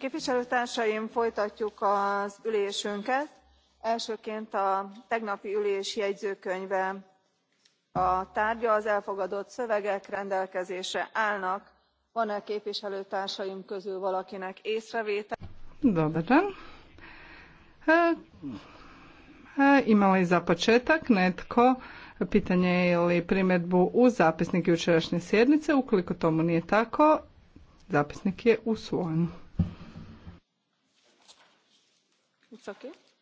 képviselőtársaim folytatjuk az ülésünket elsőként a tegnapi ülés jegyzőkönyve a tárgya az elfogadott szövegek rendelkezésre állnak van e képviselőtársaim közül valakinek észrevétele? dobar dan e, e za početak netko pitanje ili primjedbu u zapisnik jučerašnje sjednice ukoliko tomu nije tako zapisnik je usvojen It's